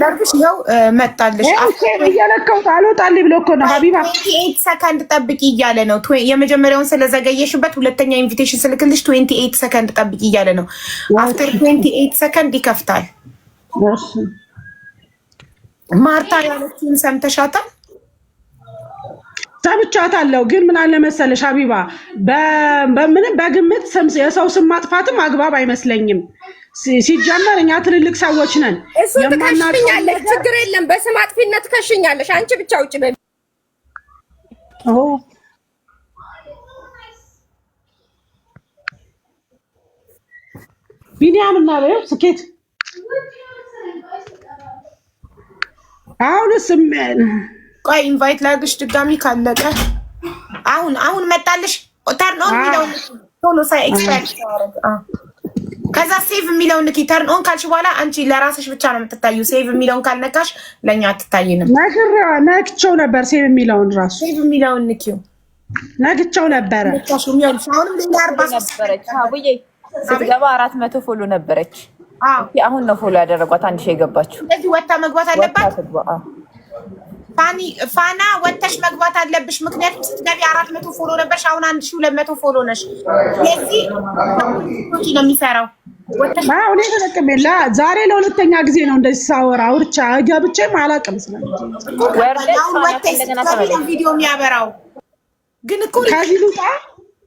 ላርግሽ ይኸው መጣለሽ። እያለቀውት አልወጣልኝ ብሎ እኮ ነው ሀቢባ ኤይት ሰከንድ ጠብቂ እያለ ነው። የመጀመሪያውን ስለዘገየሽበት ሁለተኛ ኢንቪቴሽን ስልክልሽ ትዌንቲ ኤይት ሰከንድ ጠብቂ እያለ ነው። አፍተር ትዌንቲ ኤይት ሰከንድ ይከፍታል። ማርታ ያለችውን ሰምተሻታል? ሰምቻታለሁ ግን ምን አለ መሰለሽ ሀቢባ፣ በምንም በግምት የሰው ስም ማጥፋትም አግባብ አይመስለኝም። ሲጀመር እኛ ትልልቅ ሰዎች ነን። እሱ ትከሽኛለች፣ ችግር የለም። በስም አጥፊነት ትከሽኛለሽ። አንቺ ብቻ ውጭ በ ቢኒያም እና በይው ስኬት አሁንስ ቆይ ኢንቫይት ላግሽ ድጋሚ ካለቀ አሁን አሁን መጣልሽ ነው የሚለው ቶሎ ሳይ ኤክስፐርት ከዛ ሴቭ የሚለውን ንኪ። ተርን ኦን ካልሽ በኋላ አንቺ ለራስሽ ብቻ ነው የምትታዩ። ሴቭ የሚለውን ካልነካሽ ለእኛ አትታይንም። ነግቸው ነበር። ሴቭ የሚለውን ራሱ ሴቭ የሚለውን ንኪ ነግቸው ነበረ። ስትገባ አራት መቶ ፎሎ ነበረች። አሁን ነው ፎሎ ያደረጓት አንድ ሺህ የገባችው። ስለዚህ ወታ መግባት አለባት። ፋና ወተሽ መግባት አለብሽ። ምክንያቱም ስትገቢ አራት መቶ ፎሎ ነበርሽ። አሁን አንድ ሺ ሁለት መቶ ፎሎ ነሽ። የዚህ ነው የሚሰራው እኔ ተጠቅሜላ ዛሬ ለሁለተኛ ጊዜ ነው እንደዚህ ሳወራ ውርቻ ገብቼም አላውቅም። ስለቪዲዮ የሚያበራው ግን እኮ ከዚህ ልውጣ።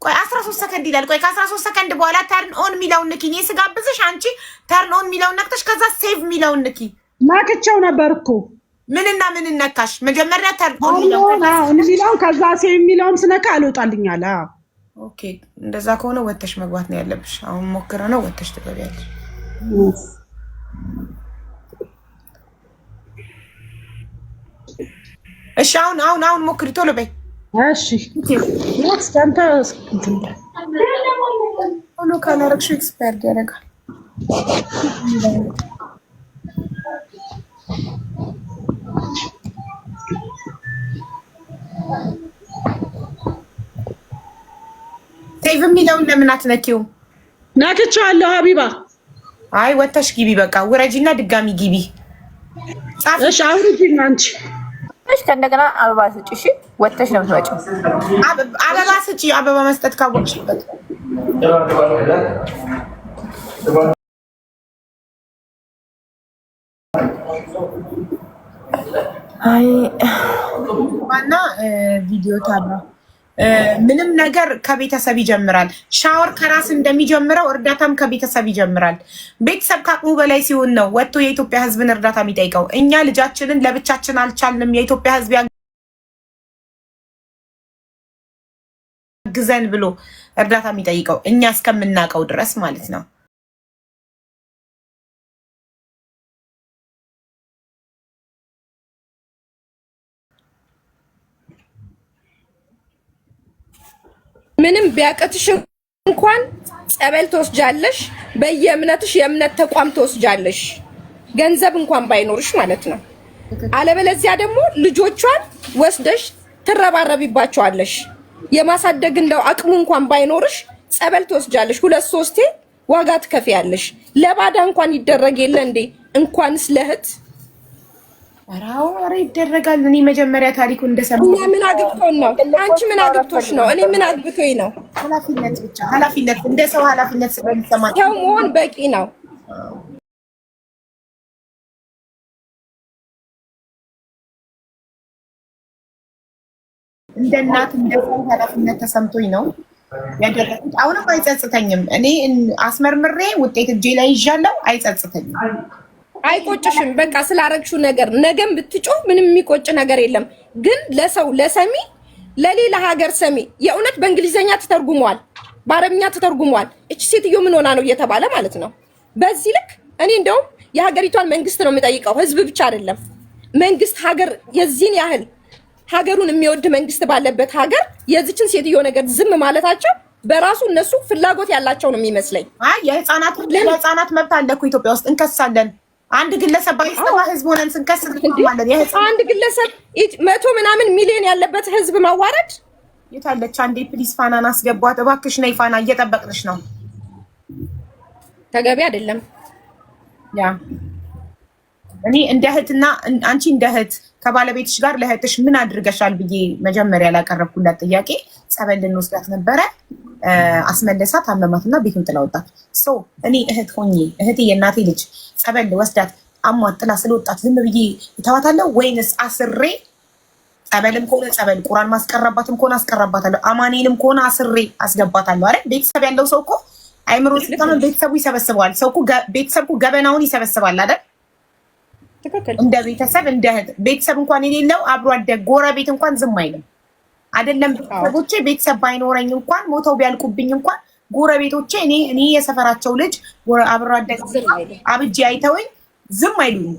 ቆይ አስራ ሶስት ሰከንድ ይላል። ቆይ ከአስራ ሶስት ሰከንድ በኋላ ተርን ኦን የሚለውን ንኪ። እኔ ስጋብዝሽ አንቺ ተርን ኦን የሚለውን ነክተሽ ከዛ ሴቭ የሚለውን ንኪ። ናክቸው ነበር እኮ ምንና ምን ነካሽ? መጀመሪያ ተርን ኦን የሚለውን ከዛ ሴቭ የሚለውን ስነካ አልወጣልኛል። ኦኬ፣ እንደዛ ከሆነ ወተሽ መግባት ነው ያለብሽ። አሁን ሞክረ ነው ወተሽ ትገቢያለሽ። እሺ፣ አሁን አሁን አሁን ሞክሪ፣ ቶሎ በይ። እሺ፣ ቶሎ ካላረግሽው ኤክስፓየርድ ያደርጋል። ሴቭ የሚለውን ለምን አትነኪውም? ነክቼዋለሁ። ሀቢባ አይ ወተሽ ግቢ። በቃ ውረጂና ድጋሚ ግቢ። ጻፍሽ አውርጂና አንቺ ወጥተሽ ከእንደገና አበባ ስጪ። እሺ ወጥተሽ ነው የምትመጪው። አበባ ስጪ። አበባ መስጠት ካወቅሽበት አይ ዋና ቪዲዮ ታድራ ምንም ነገር ከቤተሰብ ይጀምራል። ሻወር ከራስ እንደሚጀምረው እርዳታም ከቤተሰብ ይጀምራል። ቤተሰብ ከአቅሙ በላይ ሲሆን ነው ወጥቶ የኢትዮጵያ ሕዝብን እርዳታ የሚጠይቀው። እኛ ልጃችንን ለብቻችን አልቻልንም፣ የኢትዮጵያ ሕዝብ ያግዘን ብሎ እርዳታ የሚጠይቀው እኛ እስከምናውቀው ድረስ ማለት ነው። ምንም ቢያቅትሽ እንኳን ጸበል ትወስጃለሽ፣ በየእምነትሽ የእምነት ተቋም ትወስጃለሽ፣ ገንዘብ እንኳን ባይኖርሽ ማለት ነው። አለበለዚያ ደግሞ ልጆቿን ወስደሽ ትረባረቢባቸዋለሽ። የማሳደግ እንደው አቅሙ እንኳን ባይኖርሽ ጸበል ትወስጃለሽ፣ ሁለት ሶስቴ ዋጋ ትከፍያለሽ። ለባዳ እንኳን ይደረግ የለ እንዴ እንኳንስ ለእህት ራው ይደረጋል። እኔ መጀመሪያ ታሪኩ እንደሰማሁ እኛ ምን አግብቶን ነው? አንቺ ምን አግብቶሽ ነው? እኔ ምን አግብቶኝ ነው? ኃላፊነት ብቻ ኃላፊነት፣ እንደ ሰው ኃላፊነት ስለሚሰማ ሰው መሆን በቂ ነው። እንደ እናት እንደ ሰው ኃላፊነት ተሰምቶኝ ነው ያደረኩት። አሁንም አይጸጽተኝም። እኔ አስመርምሬ ውጤት እጄ ላይ ይዣለሁ። አይጸጽተኝም። አይቆጭሽም። በቃ ስላረግሽው ነገር ነገም ብትጮህ ምንም የሚቆጭ ነገር የለም። ግን ለሰው ለሰሚ ለሌላ ሀገር ሰሚ የእውነት በእንግሊዘኛ ተተርጉሟል፣ በአረብኛ ተተርጉሟል። እች ሴትዮ ምን ሆና ነው እየተባለ ማለት ነው። በዚህ ልክ እኔ እንደውም የሀገሪቷን መንግስት ነው የምጠይቀው፣ ህዝብ ብቻ አይደለም መንግስት። ሀገር የዚህን ያህል ሀገሩን የሚወድ መንግስት ባለበት ሀገር የዚችን ሴትዮ ነገር ዝም ማለታቸው በራሱ እነሱ ፍላጎት ያላቸው ነው የሚመስለኝ። አይ መብት አለ እኮ ኢትዮጵያ ውስጥ እንከሳለን አንድ ግለሰብ ባይስተዋ ህዝብ ሆነን ስንከስ አንድ ግለሰብ መቶ ምናምን ሚሊዮን ያለበት ህዝብ ማዋረድ የታለች? አንዴ ፕሊስ ፋናን አስገቧት እባክሽ። ነይ ፋና፣ እየጠበቅንሽ ነው። ተገቢ አይደለም ያ እኔ እንደ እህትና አንቺ እንደ እህት ከባለቤትሽ ጋር ለእህትሽ ምን አድርገሻል ብዬ መጀመሪያ ላቀረብኩላት ጥያቄ ጸበል ልንወስዳት ነበረ። አስመለሳ ታመማትና ቤቱን ጥላወጣት። እኔ እህት ሆኜ እህቴ የእናቴ ልጅ ጸበል ወስዳት አሟት ጥላ ስለወጣት ዝም ብዬ ተዋታለሁ ወይንስ አስሬ ጸበልም ከሆነ ጸበል ቁራን ማስቀረባትም ከሆነ አስቀረባታለሁ፣ አማኔንም ከሆነ አስሬ አስገባታለሁ። አረ ቤተሰብ ያለው ሰው እኮ አይምሮ ቤተሰቡ ይሰበስበዋል። ሰው ቤተሰብ ገበናውን ይሰበስባል አይደል እንደ ቤተሰብ እንደ ቤተሰብ እንኳን የሌለው አብሮ አደግ ጎረቤት እንኳን ዝም አይልም። አይደለም ቤተሰቦቼ ቤተሰብ ባይኖረኝ እንኳን ሞተው ቢያልቁብኝ እንኳን ጎረቤቶቼ እኔ እኔ የሰፈራቸው ልጅ አብሮ አደግ አብጄ አይተውኝ ዝም አይሉኝ።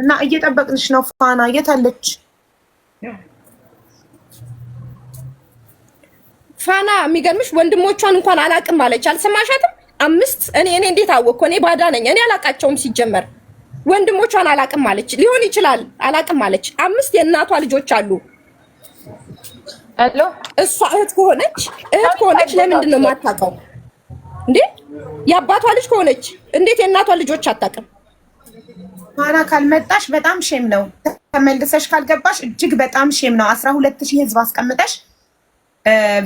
እና እየጠበቅንሽ ነው። ፋና የት አለች? ፋና የሚገርምሽ ወንድሞቿን እንኳን አላቅም አለች። አልሰማሻትም? አምስት እኔ እኔ እንዴት አወቅኩ? እኔ ባዳ ነኝ። እኔ አላቃቸውም ሲጀመር ወንድሞቿን አላቅም አለች። ሊሆን ይችላል አላቅም አለች። አምስት የእናቷ ልጆች አሉ። እሷ እህት ከሆነች እህት ከሆነች ለምንድን ነው የማታውቀው እንዴ? የአባቷ ልጅ ከሆነች እንዴት የእናቷ ልጆች አታውቅም? ማራ ካልመጣሽ በጣም ሼም ነው። ተመልሰሽ ካልገባሽ እጅግ በጣም ሼም ነው። አስራ ሁለት ሺህ ህዝብ አስቀምጠሽ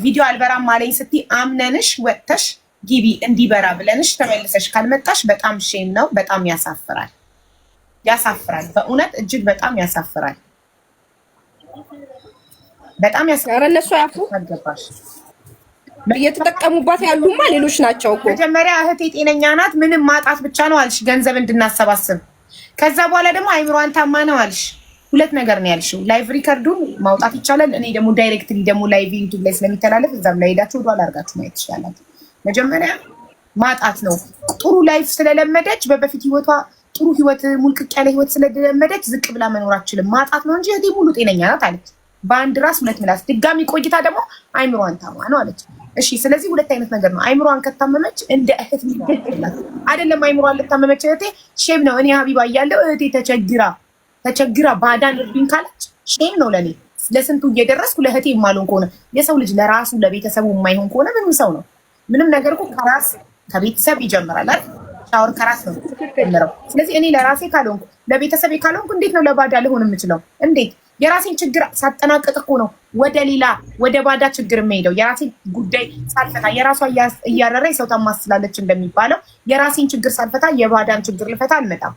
ቪዲዮ አልበራም አለኝ ስትይ አምነንሽ ወጥተሽ ጊቢ እንዲበራ ብለንሽ ተመልሰሽ ካልመጣሽ በጣም ሼም ነው። በጣም ያሳፍራል፣ ያሳፍራል። በእውነት እጅግ በጣም ያሳፍራል። በጣም ያሳፍራል። ያፉ ያፉ እየተጠቀሙባት ያሉማ ሌሎች ናቸው እኮ። መጀመሪያ እህቴ ጤነኛ ናት፣ ምንም ማጣት ብቻ ነው አልሽ፣ ገንዘብ እንድናሰባስብ። ከዛ በኋላ ደግሞ አይምሯን ታማ ነው አልሽ። ሁለት ነገር ነው ያልሽው። ላይቭ ሪከርዱን ማውጣት ይቻላል። እኔ ደግሞ ዳይሬክትሊ ደግሞ ላይቭ ዩቱብ ላይ ስለሚተላለፍ እዛም ላይ ሄዳችሁ ወደኋላ አድርጋችሁ ማየት ይችላላችሁ። መጀመሪያ ማጣት ነው። ጥሩ ላይፍ ስለለመደች በበፊት ህይወቷ ጥሩ ህይወት ሙልቅቅ ያለ ህይወት ስለለመደች ዝቅ ብላ መኖር አችልም። ማጣት ነው እንጂ እህቴ ሙሉ ጤነኛ ናት አለች። በአንድ ራስ ሁለት ምላስ። ድጋሚ ቆይታ ደግሞ አይምሯን ታማ ነው አለች። እሺ፣ ስለዚህ ሁለት አይነት ነገር ነው። አይምሯን ከታመመች እንደ እህት አይደለም። አይምሯን ልታመመች እህቴ ሼም ነው። እኔ ሀቢባ እያለው እህቴ ተቸግራ ተቸግራ ባዳን እርዱኝ ካለች ሼም ነው ለእኔ። ለስንቱ እየደረስኩ ለእህቴ የማልሆን ከሆነ የሰው ልጅ ለራሱ ለቤተሰቡ የማይሆን ከሆነ ምንም ሰው ነው። ምንም ነገር እኮ ከራስ ከቤተሰብ ይጀምራል ሻወር ከራስ ነው ስለዚህ እኔ ለራሴ ካልሆንኩ ለቤተሰቤ ካልሆንኩ እንዴት ነው ለባዳ ልሆን የምችለው? እንዴት የራሴን ችግር ሳጠናቀቅ እኮ ነው ወደ ሌላ ወደ ባዳ ችግር የምሄደው። የራሴን ጉዳይ ሳልፈታ የራሷ እያረረ የሰው ታማስላለች እንደሚባለው የራሴን ችግር ሳልፈታ የባዳን ችግር ልፈታ አልመጣም።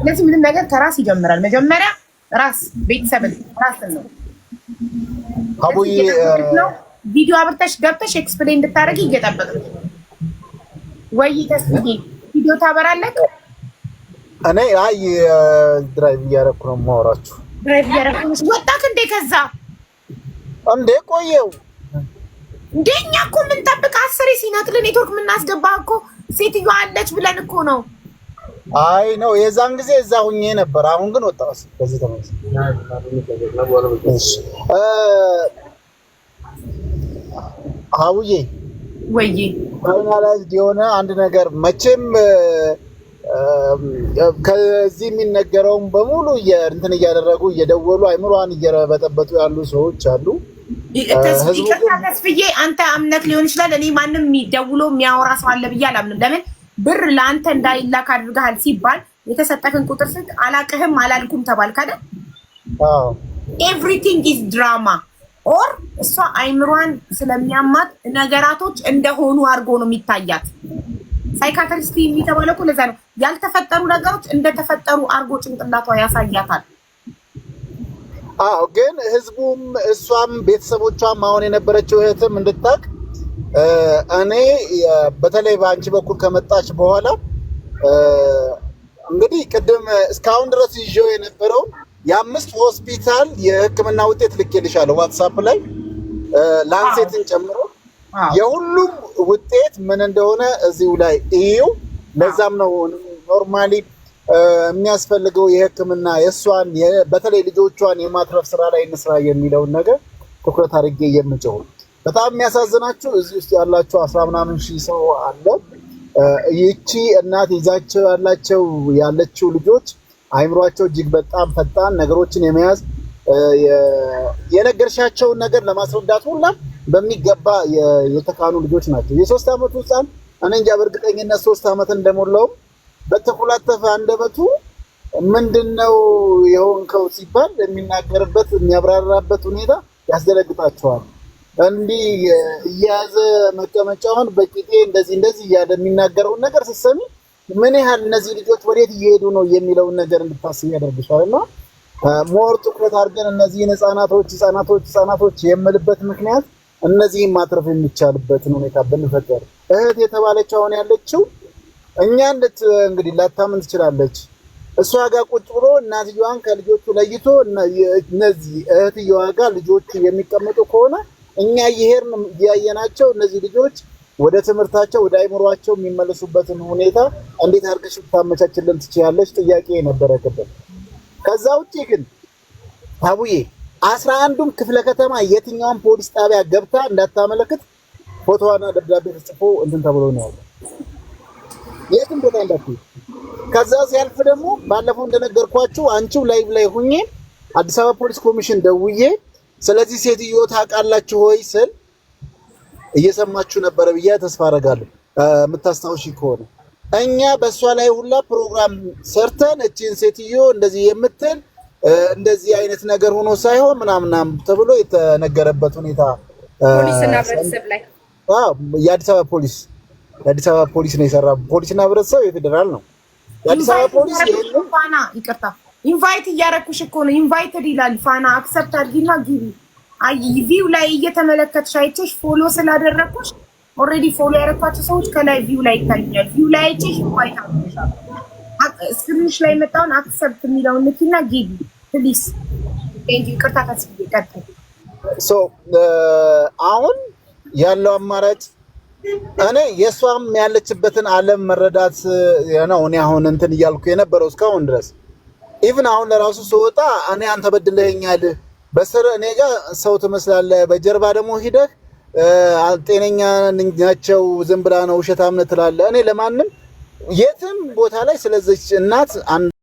ስለዚህ ምንም ነገር ከራስ ይጀምራል። መጀመሪያ ራስ ቤተሰብን ራስን ነው ቪዲዮ አብርተሽ ገብተሽ ኤክስፕሌን እንድታደርጊ እየጠበቅ ወይ ተስጌ ቪዲዮ ታበራለህ። እኔ አይ ድራይቭ እያደረኩ ነው የማወራችሁ። ድራይቭ እያደረኩ ወጣክ እንዴ? ከዛ እንዴ ቆየው እንዴ እኛ እኮ የምንጠብቅ አስሬ ሲነቅል ኔትወርክ የምናስገባ እኮ ሴትዮ አለች ብለን እኮ ነው። አይ ነው የዛን ጊዜ እዛ ሁኜ ነበር። አሁን ግን ወጣ በዚህ ተመ አውዬ ወይ ፋይናላይዝድ የሆነ አንድ ነገር መቼም ከዚህ የሚነገረውም በሙሉ እንትን እያደረጉ እየደወሉ አይምሯን እየበጠበጡ ያሉ ሰዎች አሉ። ተስፍዬ አንተ እምነት ሊሆን ይችላል። እኔ ማንም ደውሎ የሚያወራ ሰው አለ ብዬ አላምንም። ለምን ብር ለአንተ እንዳይላክ አድርገሃል ሲባል የተሰጠህን ቁጥር ስንት አላቅህም አላልኩም ተባልክ አይደል? ኤቭሪቲንግ ኢዝ ድራማ ኦር እሷ አይምሯን ስለሚያማት ነገራቶች እንደሆኑ አድርጎ ነው የሚታያት። ሳይካትሪስት የሚተባለው እኮ ለዛ ነው። ያልተፈጠሩ ነገሮች እንደተፈጠሩ አድርጎ ጭንቅላቷ ያሳያታል። አዎ ግን ህዝቡም እሷም ቤተሰቦቿም አሁን የነበረችው እህትም እንድታቅ እኔ በተለይ በአንቺ በኩል ከመጣች በኋላ እንግዲህ ቅድም እስካሁን ድረስ ይዤው የነበረው የአምስት ሆስፒታል የህክምና ውጤት ልኬልሻለሁ ዋትሳፕ ላይ ላንሴትን ጨምሮ የሁሉም ውጤት ምን እንደሆነ እዚሁ ላይ እዩ። ለዛም ነው ኖርማሊ የሚያስፈልገው የህክምና የእሷን በተለይ ልጆቿን የማትረፍ ስራ ላይ እንስራ የሚለውን ነገር ትኩረት አድርጌ የምጭው። በጣም የሚያሳዝናችሁ እዚህ ውስጥ ያላችሁ አስራ ምናምን ሺህ ሰው አለ። ይቺ እናት ይዛቸው ያላቸው ያለችው ልጆች አይምሯቸው እጅግ በጣም ፈጣን፣ ነገሮችን የመያዝ የነገርሻቸውን ነገር ለማስረዳት ሁላ በሚገባ የተካኑ ልጆች ናቸው። የሶስት ዓመቱ ህፃን እኔ እንጃ በእርግጠኝነት ሶስት ዓመት እንደሞላውም በተኮላተፈ አንደበቱ ምንድን ነው የሆንከው ሲባል የሚናገርበት የሚያብራራበት ሁኔታ ያስደነግጣቸዋል። እንዲህ እየያዘ መቀመጫውን በቂጤ እንደዚህ እንደዚህ እያለ የሚናገረውን ነገር ስትሰሚ ምን ያህል እነዚህ ልጆች ወዴት እየሄዱ ነው የሚለውን ነገር እንድታስብ ያደርግሻል። እና ሞር ትኩረት አድርገን እነዚህን ህጻናቶች ህጻናቶች ህጻናቶች የምልበት ምክንያት እነዚህን ማትረፍ የሚቻልበትን ሁኔታ ብንፈጠር። እህት የተባለች አሁን ያለችው እኛ እንደት እንግዲህ ላታምን ትችላለች። እሷ ጋር ቁጭ ብሎ እናትየዋን ከልጆቹ ለይቶ እነዚህ እህትየዋ ጋር ልጆቹ የሚቀመጡ ከሆነ እኛ እየሄድን እያየናቸው እነዚህ ልጆች ወደ ትምህርታቸው ወደ አይምሯቸው የሚመለሱበትን ሁኔታ እንዴት አድርገሽ ታመቻችልን ትችያለሽ? ጥያቄ ነበረ ከዛ ውጭ ግን አቡዬ አስራ አንዱም ክፍለ ከተማ የትኛውን ፖሊስ ጣቢያ ገብታ እንዳታመለክት ፎቶዋና ደብዳቤ ተጽፎ እንትን ተብሎ ነው ያለ የትም ቦታ እንዳትሄድ። ከዛ ሲያልፍ ደግሞ ባለፈው እንደነገርኳችሁ አንቺው ላይቭ ላይ ሁኜ አዲስ አበባ ፖሊስ ኮሚሽን ደውዬ ስለዚህ ሴትዮ ታውቃላችሁ ሆይ ስል እየሰማችሁ ነበረ ብዬ ተስፋ አደርጋለሁ። የምታስታውሽ ከሆነ እኛ በእሷ ላይ ሁላ ፕሮግራም ሰርተን እችን ሴትዮ እንደዚህ የምትል እንደዚህ አይነት ነገር ሆኖ ሳይሆን ምናምናም ተብሎ የተነገረበት ሁኔታ የአዲስ አበባ ፖሊስ የአዲስ አበባ ፖሊስ ነው የሰራ። ፖሊስና ህብረተሰብ የፌዴራል ነው። የአዲስ አበባ ፖሊስ ፋና፣ ይቅርታ ኢንቫይት እያረኩሽ እኮ ነው። ኢንቫይትድ ይላል ፋና። አክሰፕት አድርጊና ግቢ ቪው ላይ እየተመለከትሽ አይቼሽ ፎሎ ስላደረግኩሽ ኦልሬዲ ፎሎ ያደረኳቸው ሰዎች ከላይ ቪው ላይ ይታዩኛል። ቪው ላይ አይቼሽ ዋይታ ስክሪንሽ ላይ መጣውን አክሰብት የሚለውን ንኪና ጊቢ ፕሊስ ቅርታ ታስ ሶ አሁን ያለው አማራጭ እኔ የእሷም ያለችበትን ዓለም መረዳት ነው። እኔ አሁን እንትን እያልኩ የነበረው እስካሁን ድረስ ኢቭን አሁን ለራሱ ስወጣ እኔ አንተ በድለኸኛል በስር እኔ ሰው ትመስላለህ፣ በጀርባ ደግሞ ሂደህ ጤነኛ ናቸው ዝም ብላ ነው ውሸታም ትላለህ። እኔ ለማንም የትም ቦታ ላይ ስለዚች እናት